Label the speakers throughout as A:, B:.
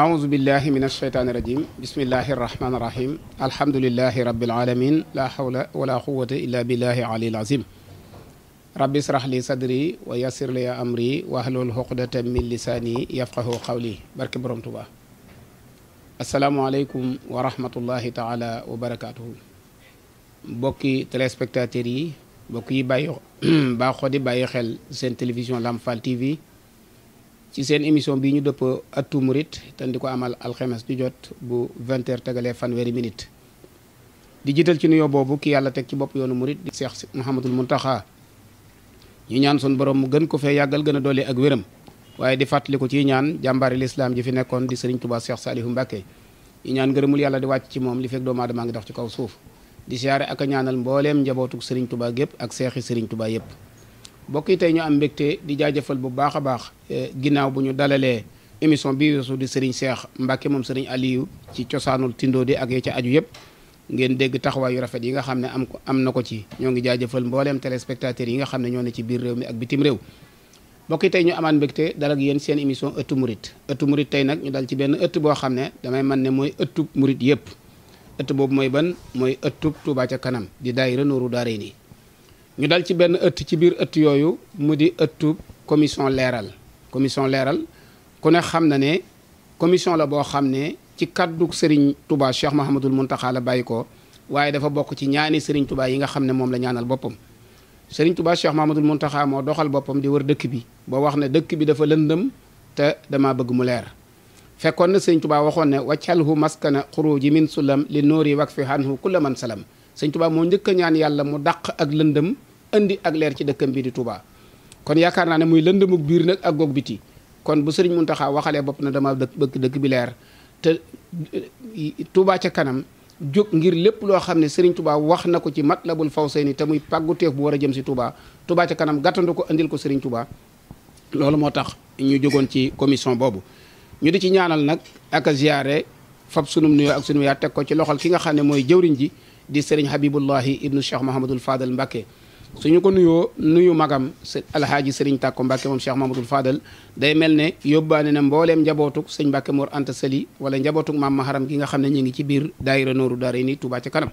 A: أعوذ بالله من الشيطان الرجيم بسم الله الرحمن الرحيم الحمد لله رب العالمين لا حول ولا قوة إلا بالله العلي العظيم رب اشرح لي صدري ويسر لي أمري واحلل عقدة من لساني يفقه قولي بارك بروم توبا السلام عليكم ورحمة الله تعالى وبركاته بوكي تيليسبكتاتير yi mbokk yi bàyyi baaxoo di bàyyi xel seen télévision Lamp Fall TV ci seen émission bi ñu dëpp Ëttu Murid ten di ko amal alxemes di jot bu 20 tegalee fan fanweeri minute di jiital ci nuyoo boobu kii yàlla teg ci bopp yoonu murid di Seex Muhammadul Muntaxa ñu ñaan sun borom mu gën ko fee yàggal gën a doole ak wéram waaye di fàttali ko ciy ñaan jàmbaari lislaam ji fi nekkoon di Sëriñ tubaa Seex Saalihu Mbàkke ñu ñaan ngërëmul yàlla di wàcc ci moom li fekk doomu aadama ngi dox ci kaw suuf di siyaare ak a ñaanal mbooleem njabootuk Sëriñ Tuubaa gépp ak seexi Sëriñ Tuubaa yëpp mbokk yi tey ñu am mbégte di jaajëfal bu baax a baax eh, ginnaaw bu ñu dalalee émission bi weesu di Serigne Cheikh Mbacke moom Serigne Aliou ci cosaanul tindoo di ak ya ca aju yëpp ngeen dégg taxawaayu rafet yi nga xam ne am am na ko ci ñoo ngi jaajëfal mbooleem téléspectateurs yi nga xam ne ñoo ne ci biir réew mi ak bitim réew mbokk tey ñu amaat mbégte dal ak yéen seen émission ëttu murit ëttu murit tey nag ñu dal ci benn ëtt boo xam ne damay man ne mooy ëttu murit yëpp ëtt boobu mooy ban mooy ëttub Touba ca kanam di daayira Nuuru Daarayni ñu dal ci benn ëtt ci biir ëtt yooyu mu di ëttu commission leeral commission leeral ku ne xam na ne commission la boo xam ne ci kaddu Serigne Touba Cheikh Mahamadul Muntaxa la bàyyi ko waaye dafa bokk ci ñaani Serigne Touba yi nga xam ne moom la ñaanal boppam Serigne Touba Cheikh Mahamadul Muntaxa moo doxal boppam di wër dëkk bi boo wax ne dëkk bi dafa lëndëm te dama bëgg mu leer fekkoon na Serigne tubaa waxoon ne waccalhu maskana xuruji min sulam li noori wak fi hanhu kulla man salam Serigne Touba moo njëkk a ñaan yàlla mu dàq ak lëndëm indi ak leer ci dëkkam bi di Touba kon yaakaar naa ne muy lëndëmug biir nag ak goog biti kon bu sëriñ Muntaxa waxalee bopp na dama dëkk bëgg dëkk bi leer te eh, Touba ca kanam jóg ngir lépp loo xam ne seriñ Touba wax na ko ci Matlabul Fawzayni te muy pàggu teef bu war a jëm si Touba Touba ca kanam gàttandu ko indil ko seriñ Touba loolu moo tax ñu jógoon ci commission boobu ñu di ci ñaanal nag ak a ziyaare fab sunum nuyoo ak sunum yaa teg ko ci loxol ki nga xam ne mooy jëwriñ ji di sëriñ Habibullahi ibnu Cheikh Mahamadul Fadal Mbacke suñu ko nuyoo nuyu magam alhaaji sëriñ tàkko mbàkke moom cheikh mahmadul fadal day mel ne yóbbaane na mbooleem njabootuk sëñ mbàkke mor anta sali wala njabootuk maam maharam gi nga xam ne ñu ngi ci biir daayira nooru daare ni Touba ca kanam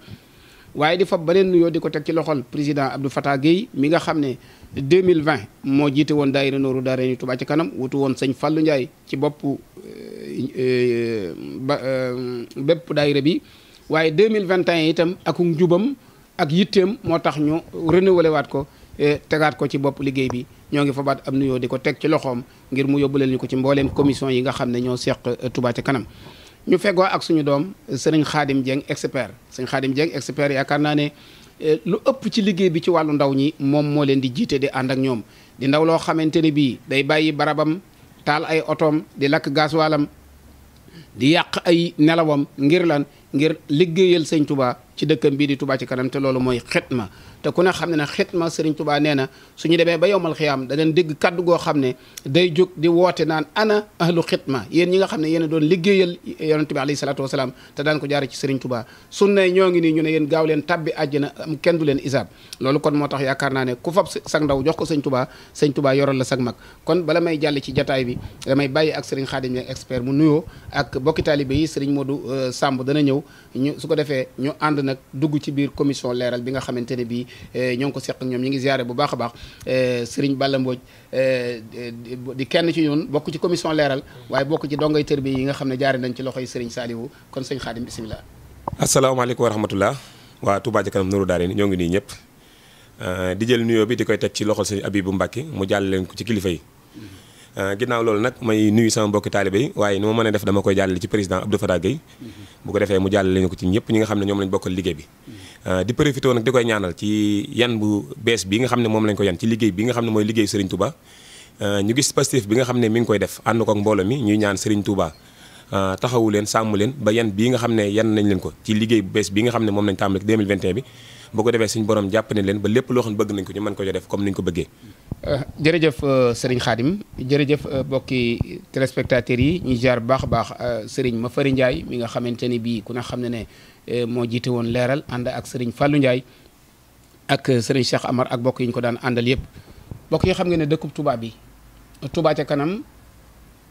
A: waaye di fab beneen nuyoo di ko teg ci loxol président Abdou Fatah mi nga xam ne 2020 moo jiite woon daayira nooru daare ni Touba ca kanam wutu woon sëñ Fallou Ndiaye ci boppu euh, euh, ba euh, bépp daayira bi waaye 2021 itam ak njubam ak yitteem moo tax ñu renouvelé waat ko eh, tegaat ko ci bopp liggéey bi ñoo ngi fabaat am nuyoo di ko teg ci loxoom ngir mu yóbbu leen ñu ko ci mbooleem commission yi nga xam ne ñoo seq eh, tubaa ca kanam ñu fegoo ak suñu doom eh, sëriñ Xaadim Dieng expert sëriñ Xaadim Dieng expert yaakaar naa ne lu ëpp ci liggéey bi ci wàllu ndaw ñi moom moo leen di jiite di ànd ak ñoom di ndaw loo xamante ne bii day bàyyi barabam taal ay otoom di lakk gaaswaalam di yàq ay nelawam ngir lan ngir liggéeyal sëñ Touba ci dëkkam bii di tubaa ci kanam te loolu mooy xitma te ku ne xam ne na ne xitma Serigne tubaa nee na suñu demee ba yowmal xiyaam da ngeen dégg kaddu goo xam ne day jóg di woote naan ana ahlu xitma yéen ñi nga xam ne yéen a doon liggéeyal yonente bi alayhi salaatu wasalaam te daan ko jaare ci Serigne Touba sunna ñoo ngi nii ñu ne yéen gaaw leen tabbi àjjana na kenn du leen isab loolu kon moo tax yaakaar naa ne ku fab sag ndaw jox ko Serigne Touba Serigne Touba yoral la sag mag kon bala may jàll ci jataay bi damay bàyyi ak Serigne Khadim yi expert mu nuyoo ak bokki taalibe yi Serigne Modou euh, Samb dana ñëw ñu su ko defee ñu ànd nag dugg ci biir commission leeral bi nga xamante ne bii eh, ñoo ngi ko ñoom ñu ngi ziare bu baax a baax eh, Serigne Balla Mbodj eh, di kenn ci ñun bokk ci commission leeral waaye bokk ci dongay tër bi yi nga xam ne jaare nañ ci loxoy Serigne Saliou kon sëñ Xaadim bisimilah.
B: asalaamaaleykum wa rahmatullah waa Touba ca kanam Nourou Darayni ñoo ngi nii ñëpp di jël nuyoo bi di koy teg ci loxol sëñ bu Mbàkke mu jàll leen ko ci kilifa yi Euh, ginnaaw loolu nag may nuyu sama mbokki taalibe yi waaye ni ma mën a def dama koy jàllale ci président Abdou Fatah Gueye mm-hmm. bu ko defee mu jàllale ñu ko ci ñëpp nga xam ne ñoom lañ bokkal liggéey bi mm-hmm. euh, di profité nag di ci yan bu bees bi nga xam moom lañ ko yan ci liggéey bi nga xam ne mooy liggéey Serigne Touba euh, ñu gis pastif bi nga xam ne mi ngi koy def ànd ko ak mbooloo mi ñuy ñaan Serigne Touba taxawu leen sàmm leen ba yan bi nga xam ne yan nañ leen ko ci liggéey bu bees bi nga xam ne moom lañ tàmbali 2021 bi boo ko defee suñ borom jàpp ne leen ba lépp loo xam bëgg nañ ko ñu mën ko def comme niñ ko bëggee.
A: Euh, jërëjëf euh, Serigne Khadim jërëjëf mbokki euh, téléspectateurs yi ñu jaar baax a baax Serigne Mafari njaay mi nga xamante ni bii ku ne xam ne ne moo jiite woon leeral ànd ak Serigne Fallou Ndiaye ak Serigne Cheikh Amar ak mbokk yi ñu ko daan àndal yëpp mbokk yi xam nga ne dëkkub Touba bi tubaa ca kanam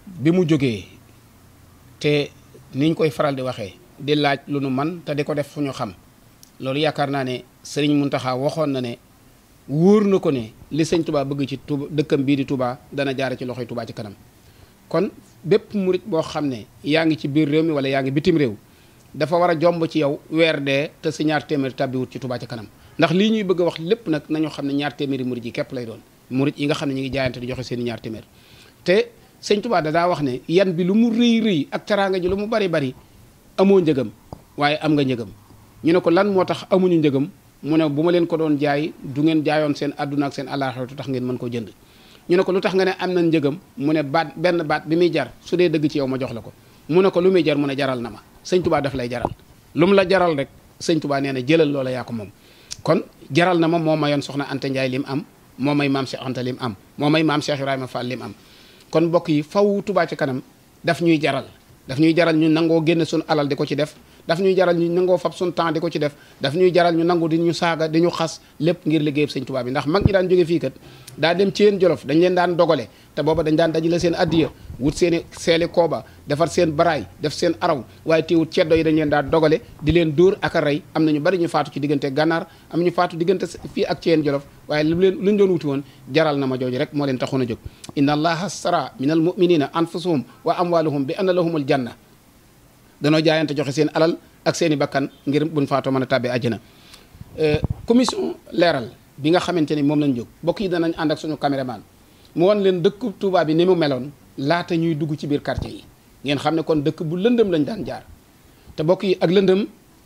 A: bi mu jógee te niñ koy faral di waxee di laaj lu nu man te di ko def fu ñu xam. loolu yaakaar naa ne seriñ sëriñ Muntaxa waxoon na ne wóor na ko ne li sëñ Touba bëgg ci Touba dëkkam bii di tubaa dana jaare ci loxoy tubaa ci kanam kon bépp murit boo xam ne yaa ngi ci biir réew mi wala yaa ngi bitim réew dafa war a jomb ci yow weer de te si ñaar téeméeri tàbbiwut ci Touba ci kanam ndax lii ñuy bëgg a wax lépp nag nañu xam ne ñaar téeméeri murit yi képp lay doon murit yi nga xam ne ñu ngi jaayante di joxe seen i ñaar téeméer te sëñ dadaa wax ne yan bi lu mu rëy rëy ak teraanga ji lu mu bari bari amoo njëgam waaye am nga njëgam ñu ne ko lan moo tax amuñu njëgam mu ne bu ma leen ko doon jaay du ngeen jaayoon seen àdduna ak seen àllaaxira tax ngeen mën koo jënd ñu ne ko lu tax nga ne am na njëgam mu ne baat benn baat bi muy jar su dee dëgg ci yow ma jox la ko mu ne ko lu muy jar mu ne jaral na ma sëñ tubaa daf lay jaral lu mu la jaral rek sëñ tubaa nee na jëlal loola yaa ko moom kon jaral na ma moo mayoon soxna Anta Ndiaye lim am moo may maam Cheikh Anta lim am moo may maam Cheikh Ibrahima Fall lim am kon mbokk yi faw tubaa ci kanam daf ñuy jaral daf ñuy jaral ñu nangoo génn suñu alal ko ci def daf ñuy jaral ñu nangoo fab sun temps di ko ci def daf ñuy jaral ñu nangu di ñu saaga di ñu xas lépp ngir liggéey sëñ Tuubaa bi ndax mag ñi daan jóge fii kat daa dem ci yéen jolof dañ leen daan dogale te booba dañ daan dajale seen addiya wut seen i seeli kooba defar seen baraay def seen araw waaye teewut ceddo yi dañ leen daan dogale di leen dóor ak a rey am na ñu bari ñu faatu ci diggante gànnaar am ñu faatu diggante fii ak ci yéen jolof waaye lu leen lu ñu doon wuti woon jaral na ma jooju rek moo leen taxoon a jóg inna allaha stara min al muminina anfusahum wa amwaluhum bi anna lahumul janna danoo jaayante joxe seen alal ak seen i bakkan ngir buñ faatoo mën a tàbbee àjjana euh, commission leeral bi nga xamante ni moom lañ jóg bokk yi danañ ànd ak suñu caméraman mu wan leen dëkk Touba yi ni mu meloon laata ñuy dugg ci biir quartier yi ngeen xam ne kon dëkk bu lëndëm lañu daan jaar te bokk yi ak lëndëm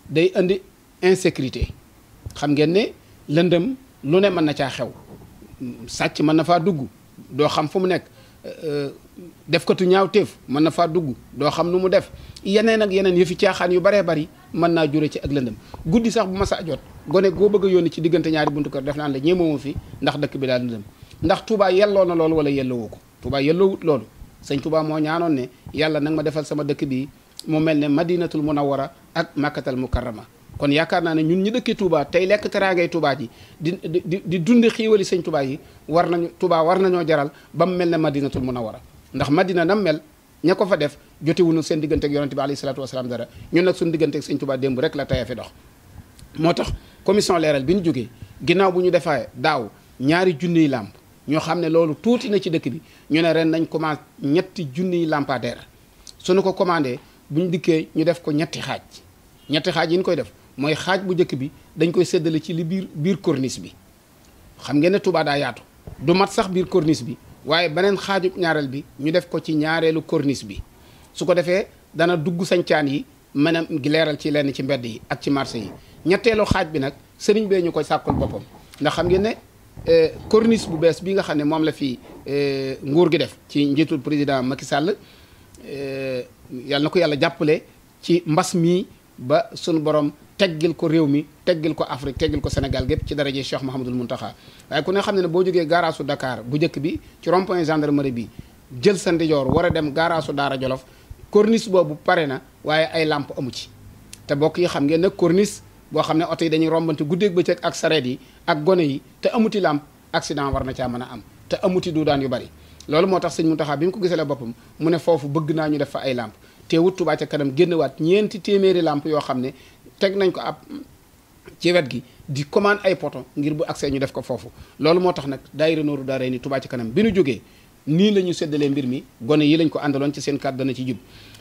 A: day indi insécurité xam ngeen ne lëndëm lu ne mën na caa xew sàcc mën na faa dugg doo xam fu mu nekk Euh, def ko ñaaw téef mën na faa dugg doo xam nu mu def yeneen ak yeneen yëfi caaxaan yu baree bari mën naa jure ci ak lëndëm guddi sax bu ma sa jot gone goo bëgg a yónni ci diggante ñaari buntu kër def naa la ñeemoo fi ndax dëkk bi daal lëndëm ndax Touba yelloo na loolu wala yelloo ko Touba yelloowut loolu sañ Touba moo ñaanoon ne yàlla nag ma defal sama dëkk bi mu mel ne madinatul munawwara ak makkatal mukarrama kon yaakaar naa ne ñun ñi dëkkee Touba tey lekk teraangay Touba ji di di di dund xiiwali sëñ Touba yi war nañu Touba war nañoo jaral ba mu mel ne madinatul munawara ndax madina nam mel ña ko fa def jotewuñu seen diggante ak yonente bi alayhi salaatu wasalaam dara ñun nag suñu diggante ak sëñ rek la taya fi dox moo tax commission leeral bi ñu jógee ginnaaw bu ñu defee daaw ñaari junniy làmp ñoo xam ne loolu tuuti na ci dëkk bi ñu ne ren nañ commencé ñetti junniy lampadaire suñu ko commandé buñ dikkee ñu def ko ñetti xaaj ñetti xaaj yi ñu koy def mooy xaaj bu njëkk bi dañ koy séddale ci li biir biir corniche bi xam ngeen ne Touba daa yaatu du mat sax biir corniche bi waaye beneen xaaju ñaareel bi ñu def ko ci ñaareelu corniche bi su ko defee dana dugg sañcaan yi mën a leeral ci lenn ci mbedd yi ak ci marché yi ñetteelu xaaj bi nag sëriñ bee ñu koy sàkkul boppam ndax xam ngeen ne eh, corniche bu bees bii nga xam ne moom la fi eh, nguur gi def ci njiitul président Macky Sall eh, yàlla na ko yàlla jàppale ci mbas mii ba sunu borom teggil ko réew mi teggil ko Afrique teggil ko Sénégal gépp ci daraje Cheikh Mouhamadul Mountakha waaye ku ne xam ne ne boo jógee gaaraasu Dakar bu njëkk bi ci rond-point gendarmerie bi jël sa ndijoor war a dem gaaraasu Daara Jolof corniche boobu pare na waaye ay làmp amu ci te bokk yi xam ngeen nag corniche boo xam ne oto yi dañuy rombante guddeeg bëccëg ak sareet yi ak gone yi te amuti làmp accident war na caa mën a am te amuti daan yu bari loolu moo tax sëñ Mountakha bi mu ko gisalee boppam mu ne foofu bëgg naa ñu def ay làmp te wut ca kanam génnewaat ñeenti téeméeri làmp yoo xam ne teg nañ ko ab ci wet gi di commande ay poto ngir bu accès ñu def ko foofu loolu moo tax nag daayira Nooru Daarayni tubaat ci kanam bi nu jógee nii la ñu séddalee mbir mi gone yi lañ ko àndaloon ci seen kàddu dana ci jub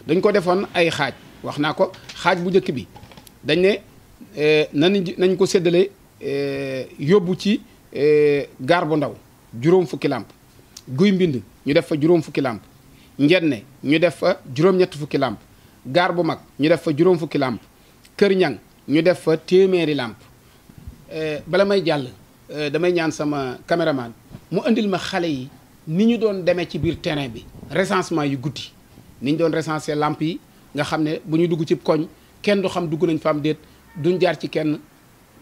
A: dañ ko defoon ay xaaj wax naa ko xaaj bu njëkk bi dañ ne e, nañ ko séddale e, yóbbu ci e, gaar bu ndaw juróom fukki làmp guy mbind ñu def fa juróom fukki làmp njenne ñu def fa juróom-ñett fukki làmp gaar bu mag ñu def fa juróom fukki làmp Kër Ñang ñu def fa téeméeri làmp eh, bala may jàll eh, damay ñaan sama caméraman mu indil ma xale yi ni ñu doon demee ci biir terrain bi recensement yu guddi ni ñu doon recenser làmp yi nga xam ne bu ñu dugg ci koñ kenn du xam dugg nañ fa déet duñ jaar ci kenn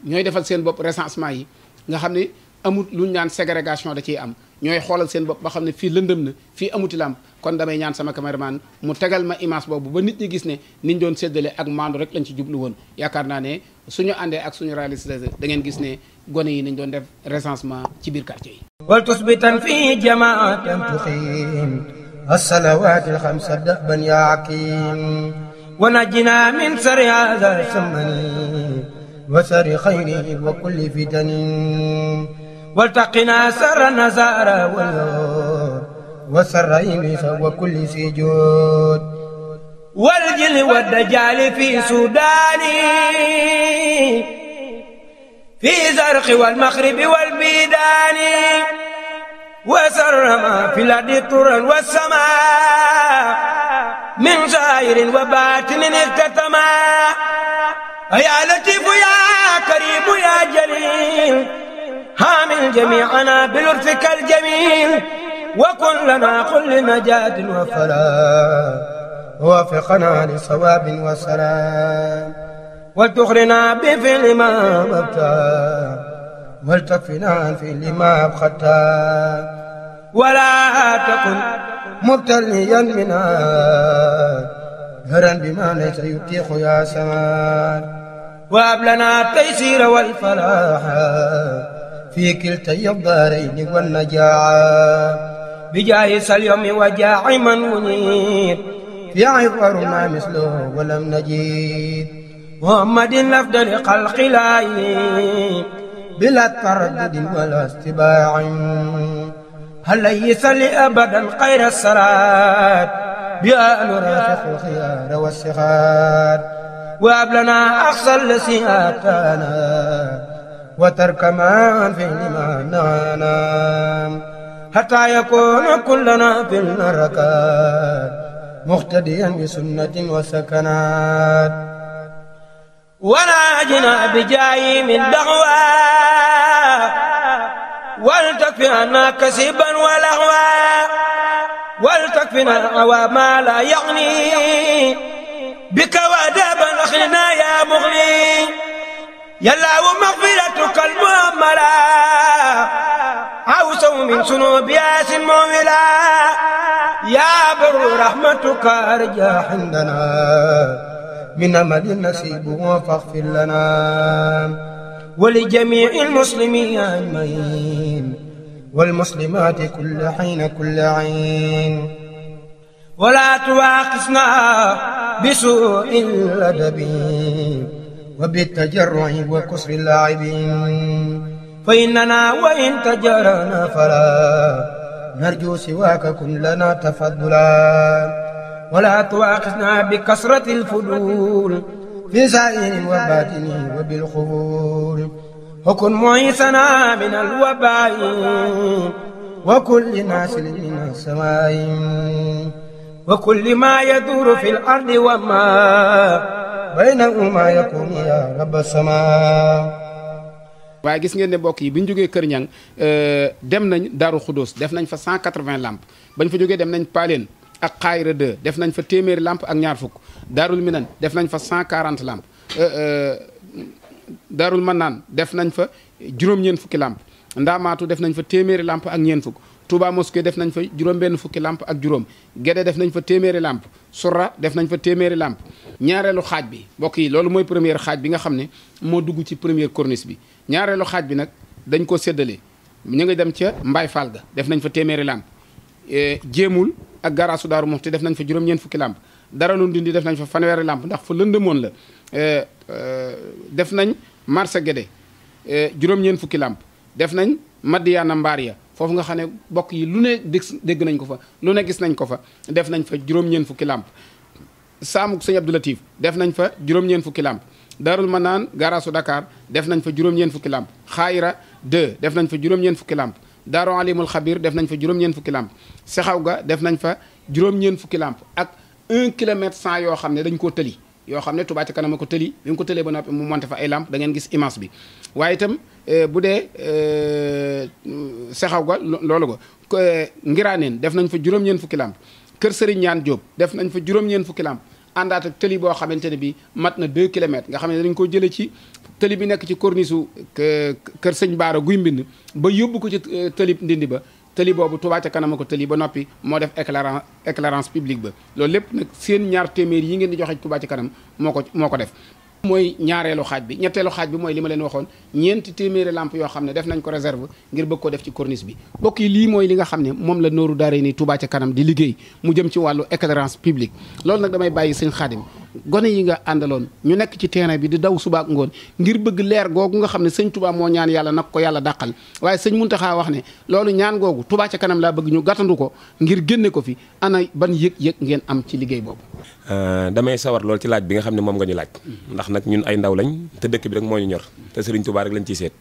A: ñooy defal seen bopp recensement yi nga xam ne amut lu ñu naan ségrégation da ciy am ñooy xoolal seen bopp ba xam ne fii lëndëm na fii amuti lamp kon damay ñaan sama caméraman mu tegal ma image boobu ba nit ñi gis ne niñ doon séddale ak maandu rek lañ ci jublu woon yaakaar naa ne suñu àndee ak suñu réalisateur da ngeen gis ne gone yi nañ doon def recensement ci biir quartier yi
C: wal tusbitan fi jamaatan tuqiim as-salawaati al-xamsa yaa akim wa najjinaa min sari haaza samani wa sari xayri wa والتقنا سر نزار والنور وسر إليس وكل سجود والجل والدجال في سوداني في زرق والمغرب والبيدان وسر ما في الأرض طرا والسماء من زائر وباطن اختتما يا لطيف يا كريم يا جليل حامل جميعنا بلطفك الجميل وكن لنا كل مجاد وفلاح ووفقنا لصواب وسلام وتغرنا بفعل ما أبقى والتكفنا عن فعل ما أبختا ولا تكن مبتليا منها هرا بما ليس يتيح يا سمان وهب لنا التيسير والفلاح في كلتي الدارين والنجاعة بجاه سليم وجاع من منيب في عبرنا مثله ولم نجيد محمد الأفضل خلق الله بلا تردد ولا استباع هل يصلي أبدا غير الصلاة بها نرافق الخيار والصغار وأبلنا أقصى الذي آتانا وترك ما عن فعل ما نهانا حتى يكون كلنا في الركات مقتديا بسنة وسكنات وناجنا بجاي من دعوى ولتكفي عنا كسبا ولهوا ولتكفنا وما لا يغني بك ودابا أخلنا يا مغني yallaahu maxfiratuka almuammala awsaw min sunubi yaasin mowila yaa baru rahmatuka arja indana min amali nasibu faxfir lana wa li jamiici almuslimina ajmain walmuslimaati kulla xiina kulla ayn wala tuwaaqisna bisuu'i ladabi وبالتجرع وكسر اللاعبين فإننا وإن تجرنا فلا نرجو سواك كن لنا تفضلا ولا تواخذنا بكثرة الفضول في سائر وباطنه وبالخبول وكن معيسنا من الوباء وكل ناس من السماء وكل ما يدور في الأرض وما baynahuma yakun sama
A: waaye gis ngeen ne mbokk yi bi ñu jógee Kër Ñang euh, dem nañ Daaru Xudóos def nañ fa 180 lamp bañ fa jógee dem nañ Paaleen ak Xaayra 2 def nañ fa téeméeri làmp ak ñaar fukk Daarul Minan def nañ fa 140 lamp euh, euh, Daarul Mannaan def nañ fa juróom-ñeent fukki lamp Ndaamaatu def nañ fa téeméeri làmp ak ñeent fukk Touba mosquée def nañ fa juróom-benn fukki làmp ak juróom Guédé def nañ fa téeméeri lamp Sourah def nañ fa téeméeri làmp ñaareelu xaaj bi mbokk yi loolu mooy première xaaj bi nga xam ne moo dugg ci première corniche bi ñaareelu xaaj bi nag dañ ko séddale ñu ngi dem ca mbaay Fall def nañ fa téeméeri lamp eh, jéemul ak garaasu Daaru te def nañ fa juróom-ñeent fukki lamp dara lu dindi def nañ fa fanweeri lamp ndax fa lëndëmoon la eh, eh, def nañ marché Guédé juróom fukki lamp def nañ Madiyaana Mbaar ya foofu nga xam ne bokk yi lu ne dégg nañ ko fa lu ne gis nañ ko fa def nañ fa juróom-ñeen fukki làmp saamuk sëñ Abdou Latif def nañ fa juróom-ñeen fukki làmp Darul Manaan garasu Dakar def nañ fa juróom-ñeen fukki làmp Xaayira 2 def nañ fa juróom-ñeen fukki làmp Daaru Alimul Xabir def nañ fa juróom-ñeen fukki làmp Sexaw ga def nañ fa juróom-ñeen fukki làmp ak 1 kilomètre 100 yoo xam ne dañ koo tëli yoo xam ne Touba Ca Kanam a ko tëli bi nga ko tëlee ba noppi mu monté fa ay làmp dangeen gis image bi waaye itam Eh, bu dee eh, sexaw ga loolu ko eh, ngiraaneen def nañ fa juróom-ñeen fukki làmp kër Serigne Ñaan Diop def nañ fa juróom-ñeen fukki làmp àndaat ak tëli boo xamante ne bi mat na 2 kilomètres nga xam ne dañ koo jële ci tëli bi nekk ci corniche su kër sëñ Baara guy mbind ba yóbbu ko ci tëlib ndindi ba tëli boobu Touba ca kanam ko tëli ba noppi moo def éclairance éclairance publique ba loolu lépp nag seen ñaar téeméer yi ngeen di joxe Touba ci kanam moo ko moo ko def mooy ñaareelu xaaj bi ñetteelu xaaj bi mooy li ma leen waxoon ñeenti téeméeri lamp yoo xam ne def nañ ko réserve ngir bëgg ko def ci corniche bi bokk yi lii mooy li nga xam ne moom la nooru daare ni Touba ci kanam di liggéey mu jëm ci wàllu éclairance publique loolu nag damay bàyyi sëñ Xaadim gone yi nga àndaloon ñu nekk ci terrain bi di daw subaak ngoon ngir bëgg leer googu nga xam ne sëñ Touba moo ñaan yàlla nag ko yàlla dàqal waaye sëñ Muntaxa wax ne loolu ñaan googu tubaa ca kanam laa bëgg ñu gàttandu ko ngir génne ko fi ana ban yëg-yëg ngeen am ci liggéey boobu
B: euh, damay sawar loolu ci laaj bi nga xam ne moom nga ñu laaj ndax nag ñun ay ndaw lañ te dëkk bi rek moo ñu ñor te sëriñ Touba rek lañ ciy seet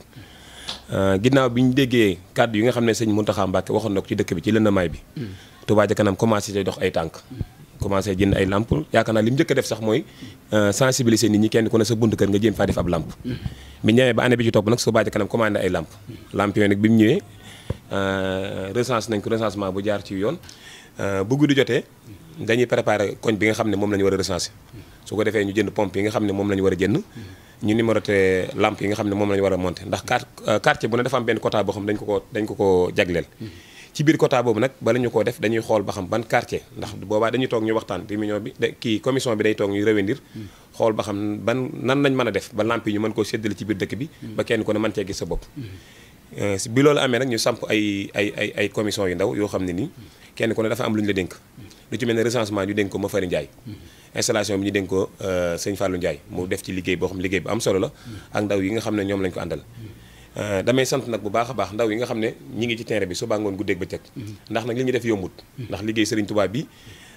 B: euh, ginnaaw bi ñu déggee kàddu yi nga xam ne sëñ Muntaxa Mbàkke waxoon na ci dëkk bi ci lëndamaay bi mm. Touba ca kanam commencé dox ay tànk mm. commencé jënd ay lamp yaakaar naa li mu njëkk a def sax mooy euh, sensibiliser nit ñi kenn ku ne sa buntu kër nga jéem faa def ab lamp bi ñëwee ba année bi ci topp nag su bàyyi kanam commandé ay lamp lamp yooyu nag bi mu ñëwee euh, nañ ko recensement bu jaar ci yoon euh, bu guddi jotee dañuy préparé koñ bi nga xam ne moom lañu war a recenser su ko defee ñu jënd pompe yi nga xam ne moom la war a jënd ñu numéroté lampe yi nga xam ne moom la ñu a monter ndax quartier bu ne dafa am benn quota boo xam dañ ko ko dañ ko ko jagleel ci biir quota boobu nag bala ñu koo def dañuy xool ba xam ban quartier ndax boobaa dañuy toog ñu waxtaan réunion bi de kii commission bi day toog ñu revenir xool ba xam ban nan lañ mën def ba lamp ñu mën koo séddale ci biir dëkk bi ba kenn ku ne mën cee gis sa bopp euh, amee nag ñu samp ay ay ay ay yu ndaw yoo xam ne nii kenn ku ne dafa lu ñu la dénk lu ci mel ne recensement ñu dénk ko Mafari Ndiaye installation bi ñu dénk ko euh, sëñ Fallou Ndiaye mu def ci liggéey boo xam liggéey bi am solo la ak ndaw yi nga xam ne ñoom lañ ko àndal Euh, damay sant nag bu baax a baax ndaw yi nga xam ne ñi ngi ci terrain bi suba ngoon guddeeg bëccëg mm-hmm. ndax nag li ñu def yombut mm-hmm. ndax liggéey Serigne Touba bi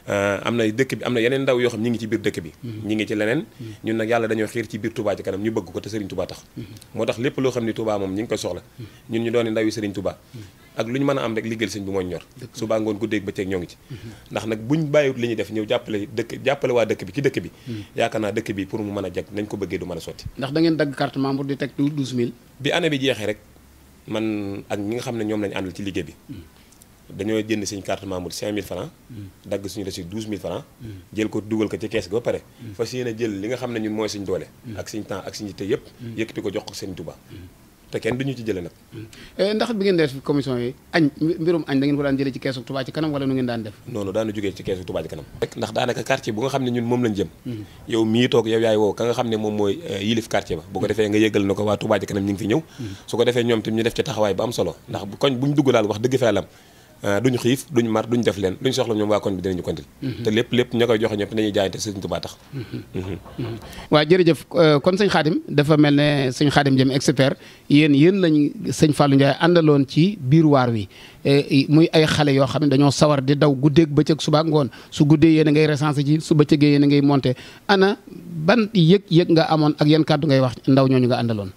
B: Euh, am na dëkk bi am na yeneen ndaw yoo xam ñi ngi ci biir dëkk bi mm-hmm. ñi ngi ci leneen mm-hmm. ñun nag yàlla dañoo xiir ci biir Touba ci kanam ñu bëgg ko te Serigne Touba tax mm-hmm. moo tax lépp loo xam ni Touba moom ñi ngi ko soxla ñun ñu doon ndaw yi Serigne Touba ak lu ñu mën a am rek liggéeyal ñor suba ngoon guddeeg bëccëg ñoo ngi ci ndax nag buñ bàyyiwut li ñuy def ñëw jàppale dëkk jàppale waa dëkk bi ci dëkk bi yaakaar naa dëkk bi pour mu mën a jag nañ ko bëggee du mën a sotti
A: ndax da ngeen dagg carte membre di teg 12000
B: bi année bi jeexee rek man ak ñi nga xam ne ñoom lañ àndal ci liggéey dañoo jënd suñ carte membre 5000 francs dagg suñu reçu 12000 francs jël ko dugal ko ci kees ba pare fas yéene jël li nga xam ne ñun mooy suñ doole ak suñ temps ak suñu te yëpp yëkkati ko jox
A: ko seen Tuubaa te kenn duñu ci jële nag eh, ndax bi ngeen def commission yi añ mbirum añ da ngeen ko daan jëlee ci keesu Touba ci moom lañ jëm hmm.
B: yow mii toog yow woo ka nga xam ne moom mooy eh, yilif quartier ba bu ko defee nga yëgal na ko waa Touba ci kanam ñu ngi fi ñëw hmm. su ko defee ñoom tam ñu def ci taxawaay bu am solo ndax koñ bu dugg daal wax dëgg fa yàlla Euh, duñu xiif duñu mar duñu def leen luñu soxla ñoom waa koñ bi dinañu kontil mhm. te lépp lépp ña koy joxe ñëpp dañuy jaayante sëñ Tuubaa tax mhm. Mhm.
A: waaw jërëjëf euh, kon sëñ Xaadim dafa mel ne sëñ Xaadim jëm expert yéen yéen lañ sëñ Fallou Ndiaye àndaloon ci biir waar wi euh, muy ay xale yoo xam ne dañoo sawar di daw guddeeg bëccëg suba ngoon su guddee yéen a ngay recensé ci su bëccëgee yéen a ngay monté ana ban yëg-yëg nga amoon ak yan kàddu ngay wax ndaw ñooñu nga àndaloon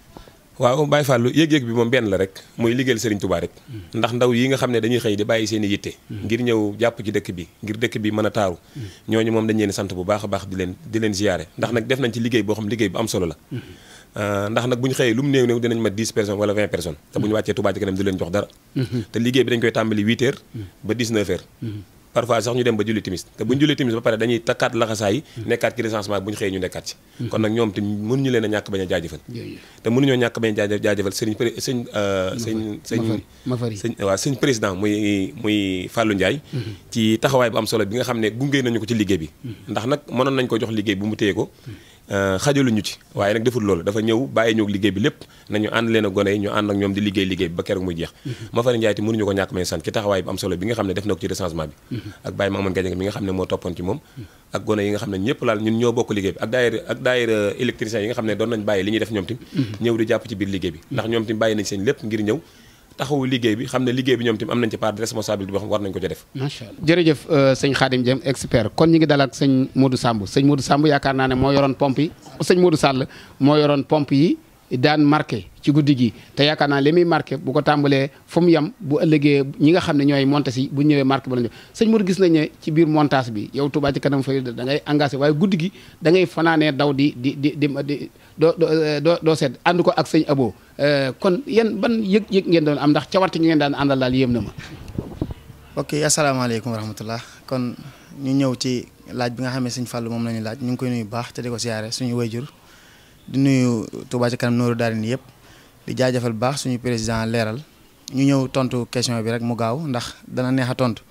B: waaw Baye Fallou yëg-yëg bi moom benn la rek mooy liggéeyal Serigne Touba rek mm. ndax ndaw yi nga xam ne dañuy xëy di bàyyi seen i yitte mm. ngir ñëw jàpp ci dëkk bi ngir dëkk bi mën a taaru mm. ñooñu moom dañ leen sant bu baax a baax di leen di leen ziyaare ndax nag def nañ ci liggéey boo xam liggéey bu am solo la euh, ndax nag bu ñu xëyee lu mu néew néew dinañ ma 10 personnes wala 20 personnes te bu wàccee Touba ci du leen jox dara mm-hmm. te liggéey bi dañ koy tàmbali 8 heures ba 19 parfois sax ñu dem ba julli timis te bu ñu julli timis ba pare dañuy takkaat laxasaay nekkaat ci recensement bu ñu xëyee ñu nekkaat ci hmm. kon nag ñoom te mënuñu leen ñàkk bañ a jaajëfal te mënuñoo ñàkk bañ a jaajëfal euh, sëñ sëñ sëñ sëñ président muy muy fàllu Ndiaye hmm. ci taxawaay bu am solo bi nga xam ne gungee nañu ko ci liggéey bi hmm. ndax nag mënoon nañ ko jox liggéey bu mu téye ko Euh, xajaluñu ci waaye nag deful loolu dafa ñëw bàyyi ñëw liggéey bi lépp nañu ànd leen a gone yi ñu ànd ak ñoom di liggéey liggéey bi ba keroog muy jeex mhm. Mafari Njaay te mënuñu ko ñàkk may sant ci taxawaay bi am solo bi nga xam ne def na ko ci recensement bi mhm. ak Baye Mamadou Gadiaga mi nga xam ne moo toppoon ci moom mhm. ak gone yi nga xam ne ñëpp laal ñun ñoo bokk liggéey bi ak daayira ak daayira électricien yi nga xam ne doon nañ bàyyi li ñuy def ñoom tim ñëw ci biir liggéey bi ndax ñoom tim bàyyi nañ seen lépp ngir ñëw taxawu liggéey bi xam ne liggéey bi ñoom tamit am nañ ci part de responsabilité boo xam war nañ ko ca def
A: macha allah jërëjëf euh, sëñ Khadim Dieng expert kon ñi ngi dalal ak sëñ Modou Samb sëñ Modou Samb yaakaar naa ne moo yoroon pompe yi sëñ Modou Sall moo yoroon pompe yi daan marqué ci guddi gi te yaakaar naa li muy marqué bu ko tàmbalee fu mu yem bu ëllëgee ñi nga xam ne ñooy monté si bu ñëwee marqué ba la ñu gis nañ ne ci biir montage bi yow Touba ci kanam fay da ngay waaye guddi gi da fanaanee daw di di di di doo eh, doo doo seet ànd ko ak
D: sëñ Abo eh, kon yan ban yëg-yëg ngeen doon am ndax cawarte gi ngeen daan àndal daal yéem na ma. ok asalaamaaleykum wa rahmatullah kon ñu ñëw ci laaj bi nga xam ne sëñ Fallou moom la ñu laaj ñu ko koy nuyu baax te di ko siyaare suñu wayjur di nuyu Touba ci kanam nooru daal yëpp di jaajëfal baax suñu président leeral ñu ñëw tontu question bi rek mu gaaw ndax dana neex a tontu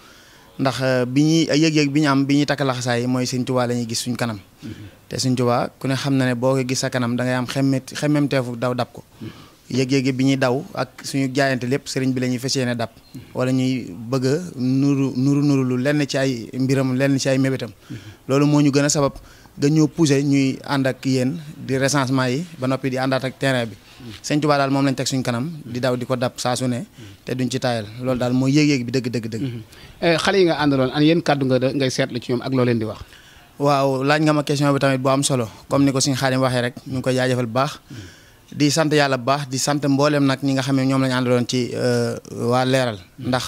D: ndax euh, bi ñuy yëg-yëg bi ñu am bi ñuy takk laxasaay mooy Sëñ Touba la ñuy gis suñu kanam. Mm-hmm. te Sëñ Touba ku ne xam na ne boo ko gis sa kanam da ngay am xemmeet xemmemteefu daw dab ko. Mm-hmm. yëg-yëg bi ñuy daw ak suñu jaayante lépp sëriñ bi la ñuy fas yéene dab. Mm-hmm. wala ñuy bëgg a nuru nuru nuru lu lenn ci ay mbiram lenn ci ay mébétam. loolu moo ñu gën a sabab. dañoo poussé ñuy ànd ak yéen di recensement yi ba noppi di àndaat ak terrain bi sëñ Tuubaa daal moom lañ teg suñ kanam di daw di ko dab saa su te duñ ci taayal loolu daal mooy yéeg-yéeg bi dëgg dëgg dëgg xale yi nga àndaloon an yéen kàddu nga ngay seetlu ci ñoom ak loo leen di wax waaw laaj nga ma question bi tamit bu am solo comme ni ko suñ Xaadim waxee rek ñu ngi koy jaajëfal bu baax mhm. di sant yàlla bu baax di sant mbooleem nag ñi nga xamee ñoom la ñu àndaloon ci euh, waa leeral mhm. ndax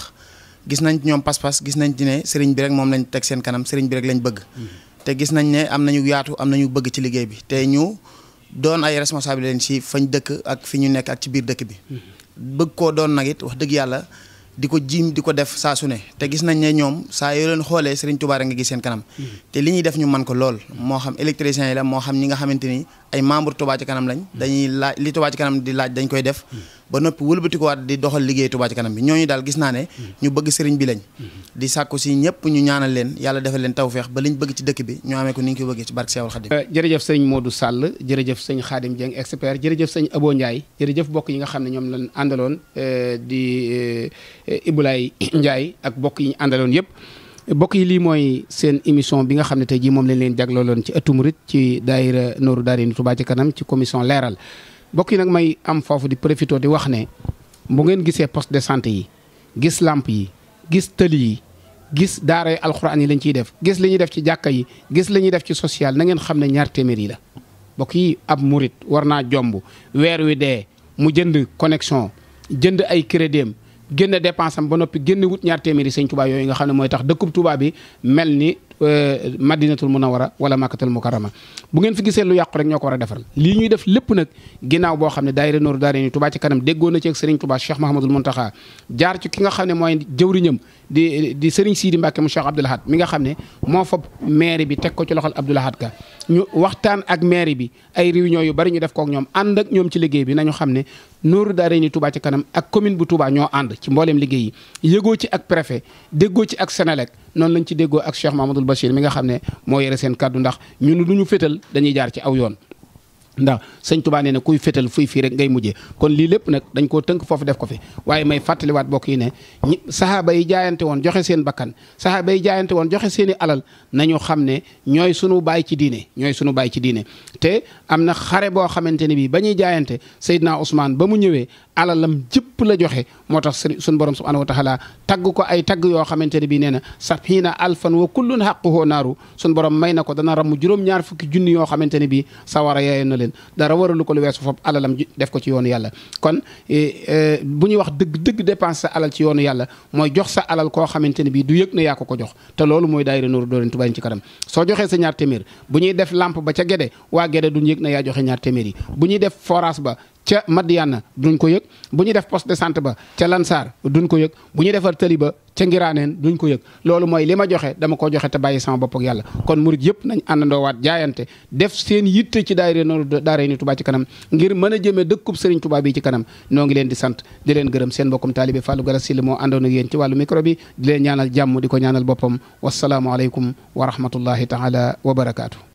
D: gis nañ ci ñoom pas-pas gis nañ ci ne sëriñ bi rek moom lañ teg seen kanam bi rek lañ bëgg mhm. te gis nañ ne am nañu yaatu am nañu bëgg ci liggéey bi te ñu doon ay responsable leen ci fañ dëkk ak fi ñu nekk ak ci biir dëkk bi.
C: Mm-hmm.
D: bëgg koo doon nag it wax dëgg yàlla di ko jiim di ko def saa su ne te gis nañ ne ñoom saa yoo leen xoolee Serigne Touba nga gis seen kanam. Mm-hmm. te li ñuy def ñu man ko lool. moo xam électricien yi la moo xam ñi nga xamante ni ay membre Touba ci kanam lañ. Mm-hmm. dañuy laaj li Touba ci kanam di laaj dañ koy def. ba noppi wëlbatikuwaat di doxal liggéey Touba Ca Kanam bi ñooñu daal gis naa ne mm-hmm. ñu bëgg sëriñ bi lañ mm-hmm. di sàkku si ñëpp ñu ñaanal leen yàlla defal leen tawfeex ba liñ bëgg ci dëkk bi ñu amee ko ni ñu ko bëggee ci barke Seexul Xadim euh, jërëjëf sëñ Modou sàll jërëjëf sëñ Xaadim Dieng expert jërëjëf sëñ Abo
A: Ndiaye jërëjëf bokk yi nga xam ne ñoom lañ àndaloon euh, di euh, Ibulaay Ndiaye ak bokk yi ñu àndaloon yëpp mbokk yi lii mooy seen émission bi nga xam ne tey jii moom lañ leen jaglooloon ci ëttu murit ci daayira nooru daarini Touba Ca Kanam ci commission leeral mbokk yi nag may am foofu di profité di wax ne bu ngeen gisee poste de santé yi gis làmp yi gis tëli yi gis daara alxuraan yi lañ ciy def gis li ñuy def ci jàkka yi gis li ñuy def ci social na ngeen xam ne ñaar téeméer yi la mbokk yi ab murit war naa jomb weer wi dee mu jënd connexion jënd ay crédit génn dépense am ba noppi génn wut ñaar téeméeri sëñ Tuubaa yooyu nga xam ne mooy tax dëkkub Tuubaa bi mel ni Euh, madinatul munawara wala makkatul mukarrama bu ngeen fi gisee lu yàqu rek ñoo ko war a defaral lii ñuy def lépp nag ginnaaw boo xam ne daayira nooru daara ni tubaa ci kanam déggoo na ci ak sëriñ tubaa cheikh mahamadul muntaxa jaar ci ki nga xam ne mooy jëwriñam di di sëriñ siidi mbàkke mu cheikh abdoulahad mi nga xam ne moo fab maire bi teg ko ci loxol abdoulahad ka ñu waxtaan ak maire bi ay réunion yu bari ñu def kook ñoom ànd ak ñoom ci liggéey bi nañu xam ne nooru daare ni Touba ci kanam ak commune bu Touba ñoo ànd ci mbooleem liggéey yi yëgoo ci ak préfet déggoo ci ak Sénélec noonu lañ ci déggoo ak Cheikh Mahamadoul Bachir mi nga xam ne moo yore seen kàddu ndax ñun lu ñu fétal dañuy jaar ci aw yoon ndax sëñ Tuubaa nee na kuy fétal fuy fii rek ngay mujjee kon lii lépp nag dañ koo tënk foofu def ko fi waaye may fàttaliwaat bokk yi ne ñi sahaaba yi jaayante woon joxe seen bakkan sahaaba yi jaayante woon joxe seen i alal nañu xam ne ñooy sunu baay ci diine ñooy sunu baay ci diine te am na xare boo xamante ni bii ba ñuy jaayante Seydina Ousmane ba mu ñëwee alalam jëpp la joxe moo tax suñu borom subhanahu wa taala tagg ko ay tagg yoo xamante ne bii nee na sabhiina alfan wa kullun haqquhu naaru suñu borom may na ko dana ramm juróom-ñaar fukki junni yoo xamante ne bii sawara yaaye leen dara waralu ko lu weesu foofu alalam def ko ci yoonu yàlla kon eh, eh, bu ñuy wax dëgg dëgg dépense sa alal ci yoonu yàlla mooy jox sa alal koo xamante ne bii du yëg ne yaa ko ko jox te loolu mooy daayira Nuuru Daarayni Touba ci kanam soo joxee sa ñaar téeméer bu ñuy def lampe ba ca gede waa gede duñ yëg ne yaa joxe ñaar téeméer yi bu ñuy def forage ba ca Madiana duñ ko yëg bu ñu def poste de sant ba ca Lansar duñ ko yëg bu ñu defar tëli ba ca Ngiraaneen duñ ko yëg loolu mooy li ma joxe dama ko joxe te bàyyi sama bopp ak yàlla kon murit yëpp nañ àndandoowaat jaayante def seen yitte ci daayira noonu daara ni Touba ci kanam ngir mën a jëmee dëkkub Serigne tubaab yi ci kanam noo ngi leen di sant di leen gërëm seen bokkum taalibe Fallou Galass moo àndoon ak yéen ci wàllu micro bi di leen ñaanal jàmm di ko ñaanal boppam wasalaamualeykum wa rahmatullahi taala wa barakaatu